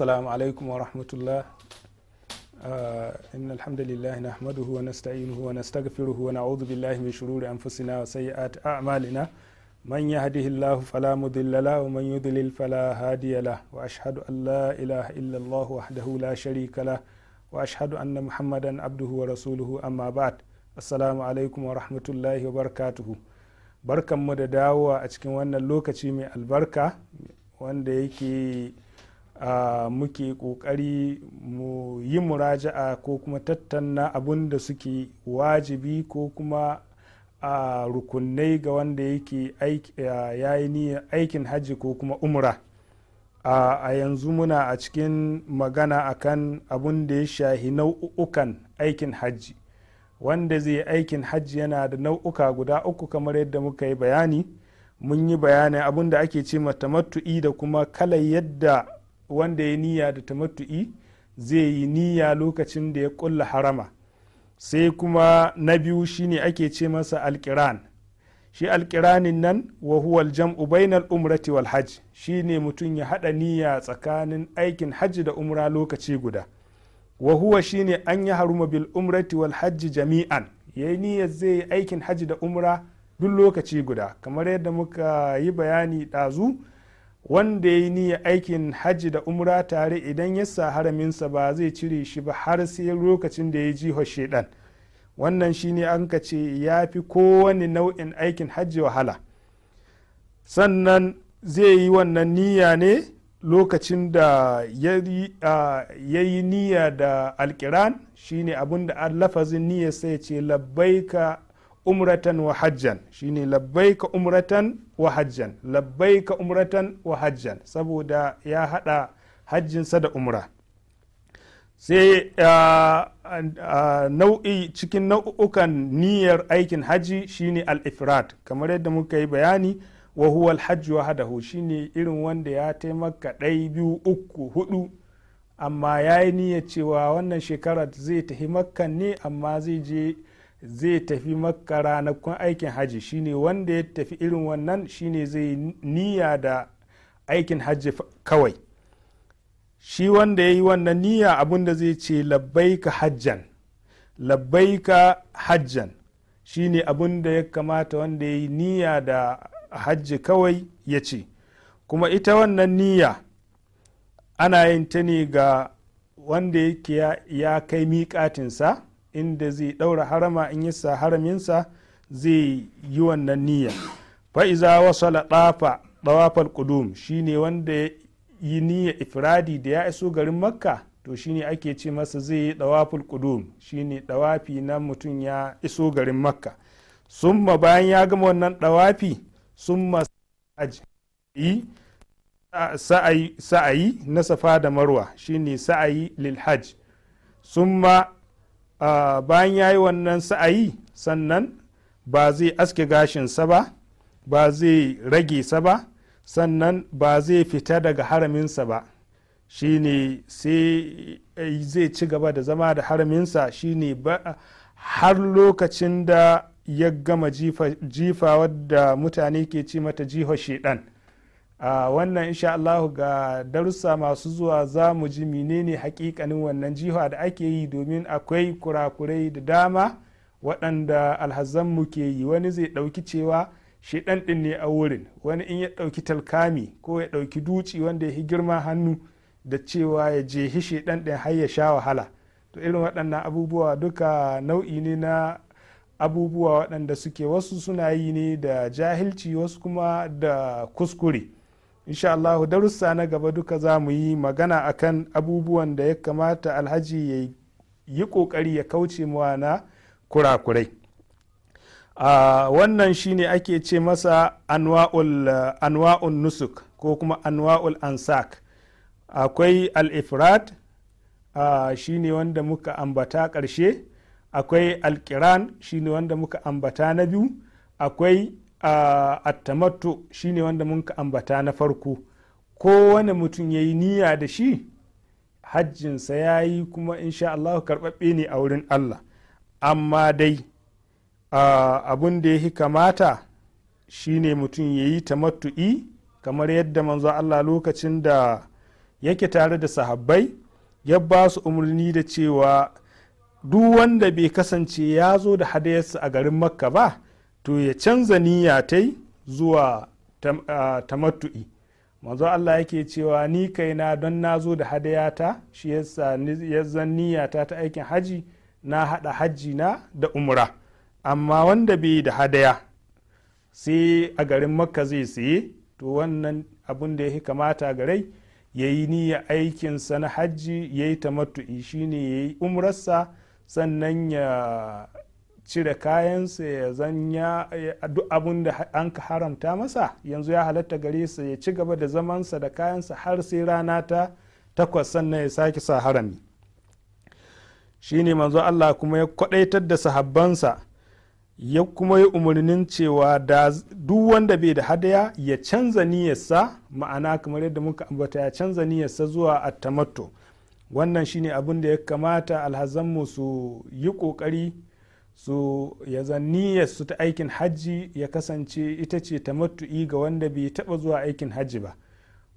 السلام عليكم ورحمة الله إن الحمد لله نحمده ونستعينه ونستغفره ونعوذ بالله من شرور أنفسنا وسيئات أعمالنا من يهده الله فلا مضل له ومن يضلل فلا هادي له وأشهد أن لا إله إلا الله وحده لا شريك له وأشهد أن محمدا عبده ورسوله أما بعد السلام عليكم ورحمة الله وبركاته barkanmu da dawowa a cikin wannan lokaci mai albarka wanda yake muke kokari mu yi muraja'a ko kuma tattauna abun da suke wajibi ko kuma a rukunai ga wanda yake ya yi niyyar aikin hajji ko kuma umra a yanzu muna a cikin magana akan abun da ya shahi nau'ukan aikin hajji wanda zai aikin hajji yana da nau'uka guda uku kamar yadda muka yi bayani mun yi bayanin abun da ake ce tamatu'i da kuma kalar yadda wanda ya niyya da tamattu'i zai yi niyya lokacin da ya kulla harama sai kuma na biyu shine ake ce masa alkiran shi alkiranin nan wa huwal jam'u bainal umrati wal hajj shine mutum ya hada niyya tsakanin aikin hajji da umra lokaci guda wa huwa shine an ya haruma bil umrati wal hajji jami'an yayi niyya zai yi aikin hajji da umra duk lokaci guda kamar yadda muka yi bayani ɗazu wanda ya yi niyya aikin hajji da umra tare idan ya sa haraminsa ba zai cire shi ba har sai lokacin da ya ji jihar shaidan wannan shine an ka ce ya fi kowane nau'in aikin hajji wahala sannan zai yi wannan niyya ne lokacin da ya yi niyya da alkiran shine abin da lafazin niyya sai ce labbaika umratan wa hajjan labbai ka umratan wa hajjan ka umratan wa hajjan saboda ya hada hajjinsa da umra sai nau'i cikin nau'ukan niyyar aikin haji shine al-ifrat kamar yadda muka yi bayani wa huwa al-hajj shine irin wanda ya taimaka ɗai biyu uku hudu amma ya yi niyyar cewa wannan shekarar zai tafi makka ne amma zai je zai tafi makka ranakun aikin hajji shine wanda ya tafi irin wannan shine zai niyya da aikin hajji kawai shi wanda ya yi wannan niyya abinda zai ce labbaika hajjan labbaika hajjan shine abinda da ya kamata wanda ya yi niyya da hajji kawai ya ce kuma ita wannan niyya ana yin ta ne ga wanda yake ya kai miƙatinsa inda zai ɗaura harama in yi sa haraminsa zai yi wannan niyya fa'iza wasu laɗafa ɗawafal ƙudum ne wanda yi niyya ifiradi da ya iso garin makka to shi ne ake ce masa zai yi ɗawaful ƙudum ne ɗawafi na mutum ya iso garin makka summa bayan ya gama wannan ɗawafi summa sa'ayi na safa da marwa shi ne sa'ayi lil hajj summa bayan ya yi wannan sa'ayi sannan ba zai aske gashinsa ba ba zai rage sa ba sannan ba zai fita daga haraminsa ba shi ne sai eh, zai ci gaba da zama da haraminsa shine har lokacin da ya gama jifa, jifa wadda mutane ke ci mata jihar shedan a wannan insha Allah ga darussa masu zuwa za mu ji menene hakikanin wannan jiha da ake yi domin akwai kurakurai da dama waɗanda alhazan mu ke yi wani zai ɗauki cewa shi ɗanɗin ne a wurin wani in ya ɗauki talkami ko ya ɗauki duci wanda ya girma hannu da cewa ya je shi ɗanɗin har ya sha wahala to irin waɗannan abubuwa duka nau'i ne na abubuwa waɗanda suke wasu suna yi ne da jahilci wasu kuma da kuskure. insha Allah darussa na gaba duka za mu yi magana akan abubuwan da ya kamata alhaji ya yi kokari ya kauce mawa na kurakurai a wannan shine ake ce masa anwa'ul nusuk ko kuma anwa'ul ansak akwai al-ifrat shine wanda muka ambata karshe akwai alkiran shine wanda muka ambata na biyu akwai a attamattu shine wanda mun ka ambata na farko ko wani mutum ya yi niyya da shi hajjinsa ya yi kuma insha Allah karɓaɓɓe ne a wurin Allah amma dai abun da ya fi kamata shine mutum ya yi tamattu'i kamar yadda manzo Allah lokacin da yake tare da sahabbai ya ba su umarni da cewa duk wanda bai kasance ya zo da hadayarsa a garin makka ba to ya canza niyya ta zuwa tamattu'i manzo Allah yake cewa ni kaina don na zo da hadayata shi yasa yazan ta aikin haji na hada hajji na da umra amma wanda bai da hadaya sai a garin makka zai saye to wannan abin da ya kamata garai ya yi niyya aikinsa na hajji ya yi tamattu'i shine ya yi umrarsa sannan ya cire kayansa ya zanya duk abin da an ka haramta masa yanzu ya halatta gare sa ya ci gaba da zamansa da kayansa har sai rana ta takwas sannan ya sake sa harami shine manzo Allah kuma ya kwadaitar da sahabbansa ya kuma yi umarnin cewa da duk wanda bai da hadaya ya canza niyyarsa ma'ana kamar yadda muka ambata ya canza niyyarsa zuwa attamatto wannan shine abin da ya kamata alhazanmu su yi kokari su ya zan niyyar su ta aikin hajji ya kasance ita ce ta matu'i ga wanda bai taba zuwa aikin hajji ba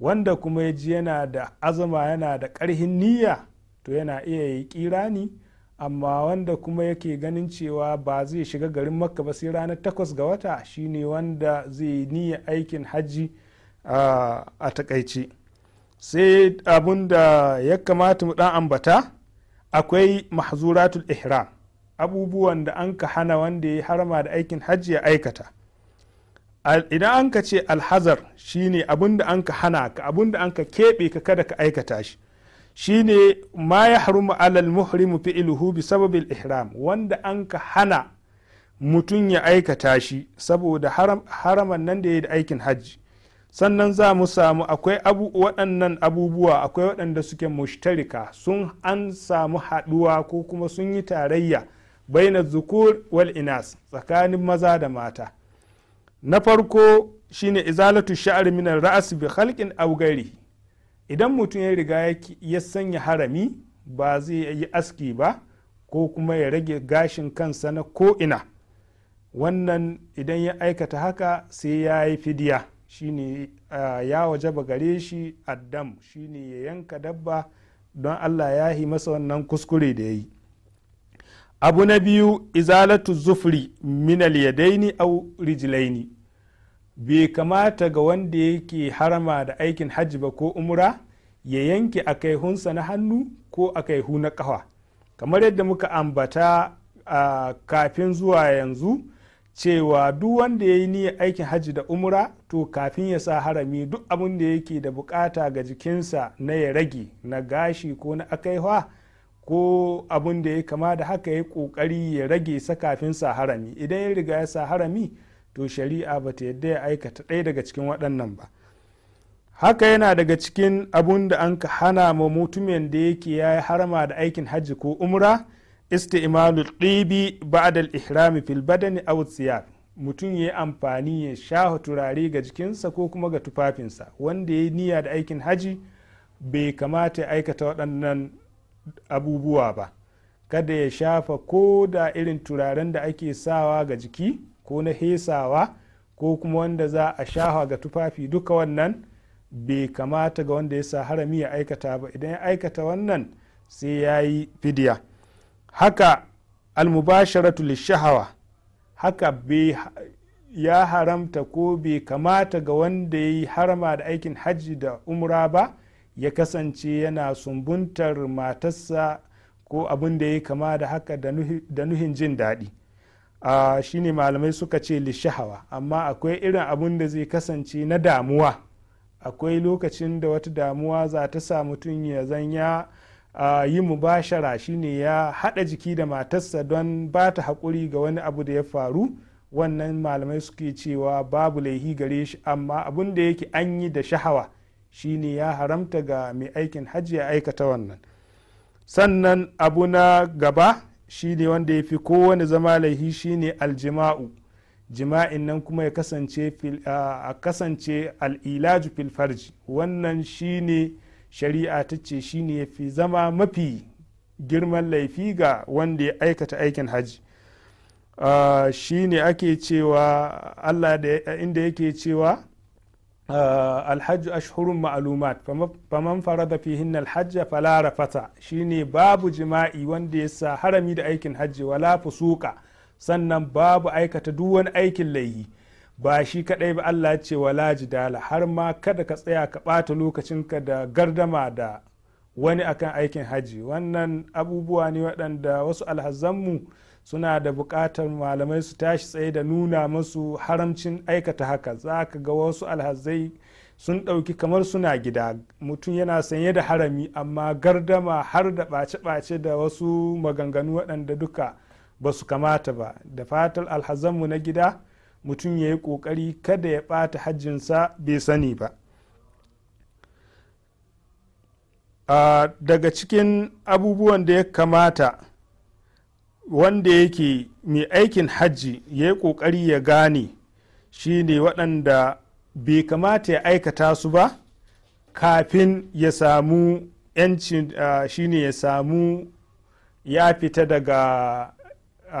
wanda kuma ya ji yana da azama yana da ƙarhin niyya to yana iya yi kirani amma wanda kuma yake ganin cewa ba zai shiga garin makka ba sai ranar takwas ga wata shine wanda zai niyya aikin hajji a takaici sai abun da ya kamata mu dan ambata akwai mahzuratul ihram abubuwan da an ka hana wanda ya harma da aikin hajji ya aikata idan an ka ce alhazar shine abin da an ka hana ka abin da an ka keɓe ka kada ka aikata shi shine ma ya haruma alal muhrimu fi'luhu bi sababil ihram wanda an ka hana mutum ya aikata shi saboda haraman nan da ya yi da aikin hajji sannan za mu samu akwai waɗannan abubuwa akwai waɗanda suke mushtarika sun an samu haɗuwa ko kuma sun yi tarayya baina zukur wal inas tsakanin maza da mata na farko shine izalatu sha'ar min ra'as bi khalqin aw idan mutum ya riga ya sanya harami ba zai yi aski ba ko kuma ya rage gashin kansa na ko ina wannan idan ya aikata haka sai ya yi fidiya shine ya wajaba gare shi addam shine ya yanka dabba don allah ya yi masa wannan kuskure da ya yi abu na biyu izalatu zufri minal yadaini au rijilaini bai kamata ga wanda yake harama da aikin hajji ba ko umra ya yanke a akaihunsa na hannu ko a kaihu na kawa kamar yadda muka ambata a kafin zuwa yanzu cewa duk wanda ya yi niyyar aikin hajji da umra to kafin ya sa harami duk abin da yake da bukata ga jikinsa na ya rage na gashi ko na akaihwa ko abin da ya kama da haka ya kokari ya rage sa kafin sa harami idan ya riga ya sa harami to shari'a ba ta yadda ya aikata ɗaya daga cikin waɗannan ba haka yana daga cikin abun da an ka hana ma mutumin da yake ya harama da aikin hajji ko umra isti'malu ɗibi ba'adal ihrami fil badani aw mutum ya yi amfani ya shafa turare ga jikinsa ko kuma ga tufafinsa wanda ya yi niyya da aikin haji bai kamata ya aikata waɗannan abubuwa ba kada ya shafa ko da irin turaren da ake sawa ga jiki ko na hesawa ko kuma wanda za a shafa ga tufafi duka wannan bai kamata ga wanda ya sa harami ya aikata ba idan ya aikata wannan sai ya yi fidiya haka almubasharatu lishahawa haka ya haramta ko bai kamata ga wanda ya yi harama da aikin hajji da umra ba ya kasance yana sumbuntar matarsa ko abin da ya kama da haka da nuhin jin daɗi shi ne malamai suka ce lishahawa amma akwai irin abin da zai kasance na damuwa akwai lokacin da wata damuwa za ta sa mutum ya zanya yi mubashara shine ya haɗa jiki da matarsa don ba ta haƙuri ga wani abu da ya faru wannan malamai suke cewa babu laihi gare shi amma abin da yake an yi da shahawa shine ya haramta ga mai aikin hajji ya aikata wannan sannan abu na gaba shine wanda ya fi kowane zama laihi shine aljima'u jima'in nan kuma ya kasance a kasance al'ilaju filfarji wannan shine shari'a ta ce shine ya fi zama mafi girman laifi ga wanda ya aikata aikin hajji shine ake cewa allah inda yake cewa alhajju ashhurun ma'lumat faman farada fihinna alhajja fala rafata shine babu jima'i wanda ya sa harami da aikin hajji wala fusuka sannan babu aikata duk wani aikin layi ba shi kadai ba Allah ce wala jidala har ma kada ka tsaya ka ɓata lokacinka da gardama da wani akan aikin hajji wannan abubuwa ne waɗanda wasu alhazanmu mu suna da buƙatar malamai su tashi tsaye da nuna masu haramcin aikata haka za ka ga wasu alhazai sun ɗauki kamar suna gida mutum yana sanye da harami amma gardama har da ɓace-ɓace da wasu maganganu waɗanda duka ba su kamata ba da fatar alhazanmu na gida mutum ya yi ƙoƙari kada ya ɓata hajjinsa bai sani ba ah, daga cikin abubuwan da ya kamata wanda yake mai aikin hajji ya yi kokari ya gane shi ne waɗanda bai kamata ya aikata su ba kafin ya samu yanci shi ne ya samu ya fita daga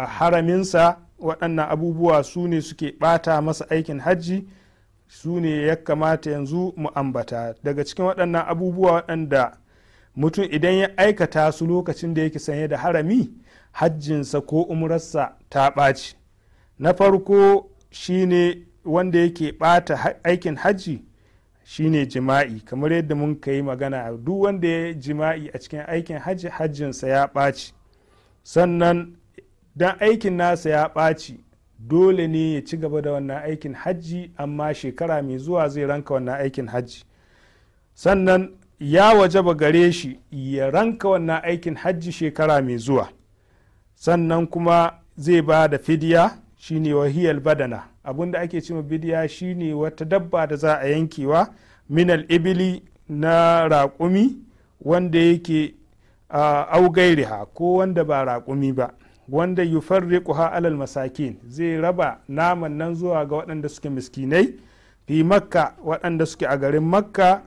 haraminsa waɗannan abubuwa su ne suke ɓata masa aikin hajji su ne ya kamata yanzu mu ambata daga cikin waɗannan abubuwa waɗanda mutum idan ya aikata su lokacin da yake sanye da harami hajjinsa ko umrarsa ta ɓaci na farko shine wanda yake ɓata aikin hajji shine jima'i kamar yadda mun ka yi magana duk wanda ya jima'i a cikin aikin hajji hajjinsa ya ɓaci sannan dan aikin nasa ya ɓaci dole ne ya ci gaba da wannan aikin hajji amma shekara mai zuwa zai ranka wannan aikin hajji sannan ya wajaba gare shi ya ranka wannan aikin hajji shekara mai zuwa sannan kuma zai ba da fidiya shine wahiyar badana abinda ake cima bidiya shine wata dabba da za a yankewa minal ibili na raƙumi wanda yake augairiha ko wanda ba raƙumi ba wanda ha alal masakin zai raba naman nan zuwa ga waɗanda suke miskinai fi makka waɗanda suke a garin makka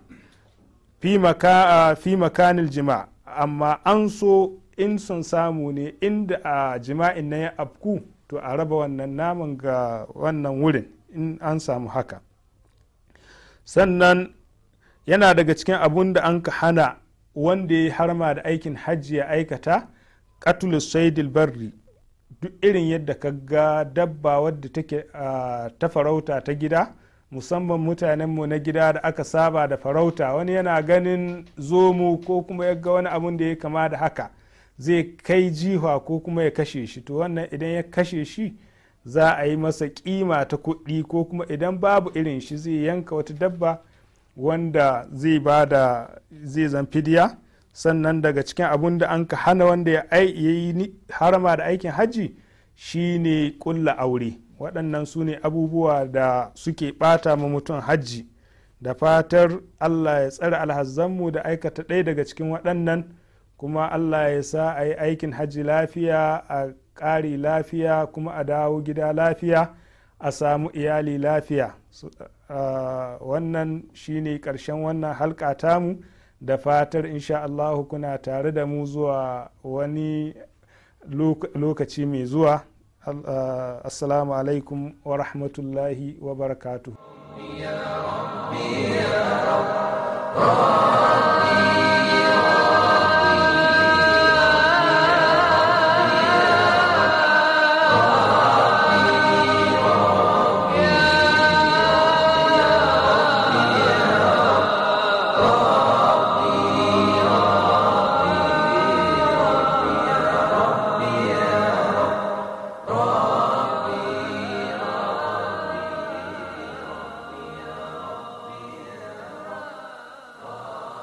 fi makanil jima amma an so in sun samu ne inda a jima'in na ya afku to a raba wannan naman ga wannan wurin in an samu haka sannan yana daga cikin abun da an ka hana wanda ya harma da aikin hajji ya aikata katul saidil barri duk irin yadda ka ga dabba wadda take ta farauta ta gida musamman mutanenmu na gida da aka saba da farauta wani yana ganin zomo ko kuma ya ga wani abun da ya kama da haka zai kai jiha ko kuma ya kashe shi to wannan idan ya kashe shi za a yi masa kima ta kuɗi ko kuma idan babu irin shi zai yanka wata dabba wanda zai ba da zai zan fidiya sannan daga cikin abun da an ka hana wanda ya yi harama da aikin hajji shine kulla aure waɗannan su ne abubuwa da suke ɓata ma mutum hajji da fatar allah ya tsare alhazzanmu da aikata ɗaya daga cikin waɗannan kuma allah ya sa a yi aikin hajji lafiya a ƙari lafiya kuma a dawo gida lafiya a samu iyali lafiya wannan shine ƙarshen wannan halka tamu da fatar insha allah kuna tare da mu zuwa wani lokaci mai zuwa assalamu alaikum wa rahmatullahi wa barakatuh